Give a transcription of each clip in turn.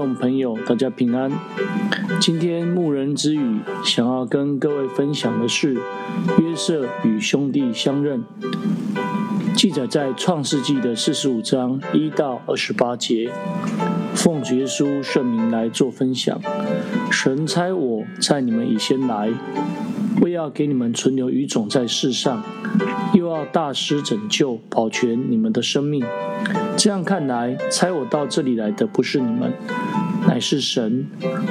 眾朋友，大家平安。今天牧人之語想要跟各位分享的是約瑟與弟兄相認，記載在創世記的四十五章一到二十八節。奉耶穌聖名來做分享，神差我，在你們以先來。為要給你們存留餘種在世上，又要大施拯救，保全你們的生命。這樣看來，差我到這裡來的不是你們，乃是神。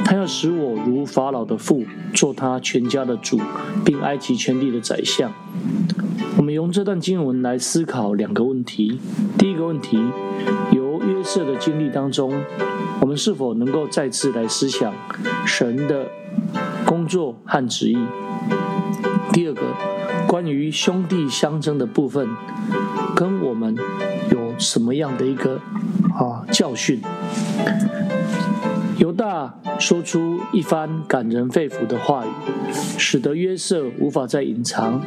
他要使我如法老的父，做他全家的主，並埃及全地的宰相。我們用這段經文來思考兩個問題。第一個問題，由約瑟的經歷當中，我們是否能夠再次來思想神的工作和旨意？第二個，關於兄弟相爭的部分，跟我們有什麼樣的一個啊教訓？猶大說出一番感人肺腑的話語，使得約瑟無法再隱藏，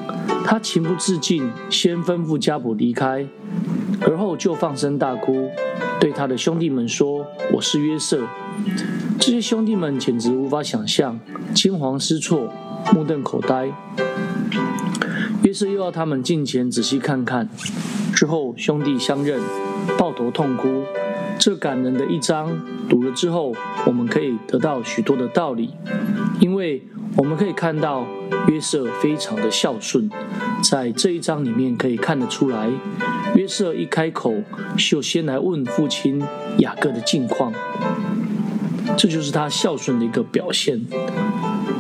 他情不自禁，先吩咐家僕離開，而後就放聲大哭，對他的兄弟們說：“我是約瑟。”這些兄弟們簡直無法想象，驚慌失措。目瞪口呆，約瑟又要他們近前仔細看看。之後兄弟相認，抱頭痛哭。這感人的一章，讀了之後，我們可以得到許多的道理。因為我們可以看到約瑟非常的孝順，在這一章裡面可以看得出來。約瑟一開口，就先來問父親雅各的近況，這就是他孝順的一個表現。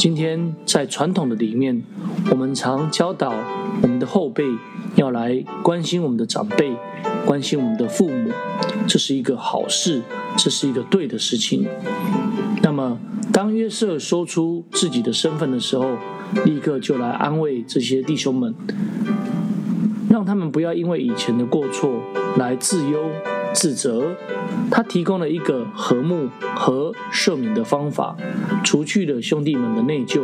今天在傳統的裡面，我們常教導我們的後輩要來關心我們的長輩，關心我們的父母，這是一個好事，這是一個對的事情。那麼，當約瑟說出自己的身份的時候，立刻就來安慰這些弟兄們，讓他們不要因為以前的過錯來自憂。指責，他提供了一個和睦和赦免的方法，除去了兄弟們的內疚。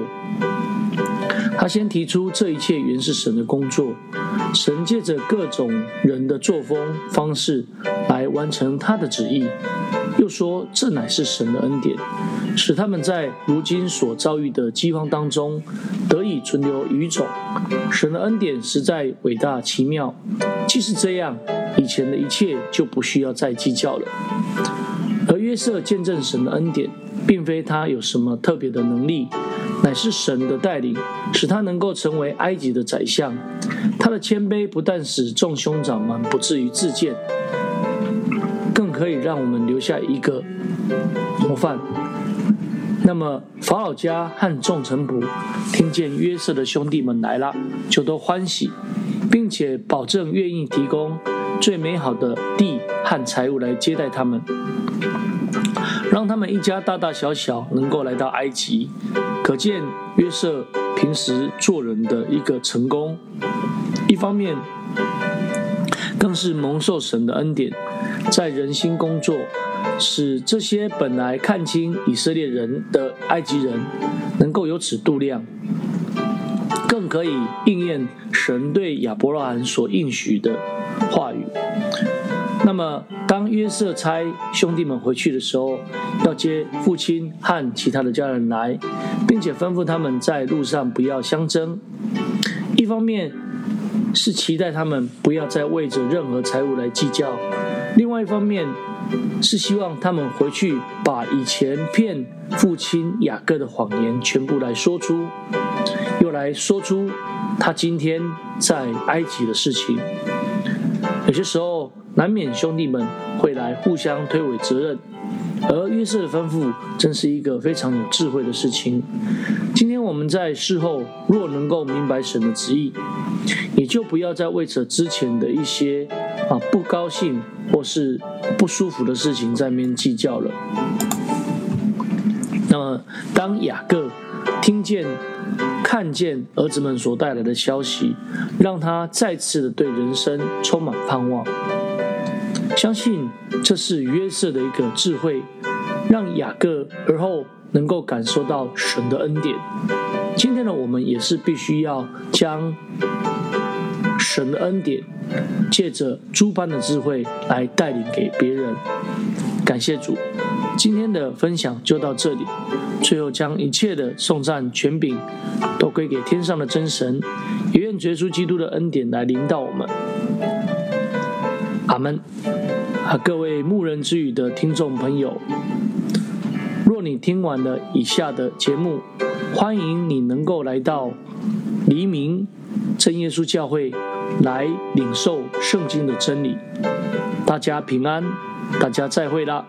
他先提出這一切原是神的工作，神借着各種人的作風方式來完成他的旨意。又說，這乃是神的恩典，使他們在如今所遭遇的饑荒當中得以存留餘種。神的恩典實在偉大奇妙。即使這樣，以前的一切就不需要再計較了。而約瑟見證神的恩典，並非他有什麼特別的能力，乃是神的帶領，使他能夠成為埃及的宰相。他的謙卑不但使眾兄長們不至於自薦。可以讓我們留下一個模範。那麼法老家和眾臣僕聽見約瑟的兄弟們來了，就都歡喜，並且保證願意提供最美好的地和財物來接待他們，讓他們一家大大小小能夠來到埃及。可見約瑟平時做人的一個成功，一方面更是蒙受神的恩典。在人心工作，使這些本來看輕以色列人的埃及人能夠有此度量，更可以應驗神對亞伯拉罕所應許的話語。那麼，當約瑟差兄弟們回去的時候，要接父親和其他的家人來，並且吩咐他們在路上不要相爭。一方面是期待他們不要再為着任何財物來計較。另外一方面，是希望他們回去把以前騙父親雅各的謊言全部來說出，又來說出他今天在埃及的事情。有些時候難免兄弟們會來互相推諉責任，而約瑟的吩咐真是一個非常有智慧的事情。今天我們在事後若能夠明白神的旨意，你就不要再為此之前的一些。啊，不高興或是不舒服的事情在那邊計較了。那麼，當雅各聽見、看見兒子們所帶來的消息，讓他再次的對人生充滿盼望。相信這是約瑟的一個智慧，讓雅各而後能夠感受到神的恩典。今天呢，我們也是必須要將。神的恩典，借着諸般的智慧來帶領給別人。感謝主，今天的分享就到這裡。最後將一切的頌讚權柄都歸給天上的真神，也願耶穌基督的恩典來領導我們。阿門。和、啊、各位牧人之語的聽眾朋友，若你聽完了以下的節目，歡迎你能夠來到黎明。真耶穌教會，來領受聖經的真理。大家平安，大家再會了。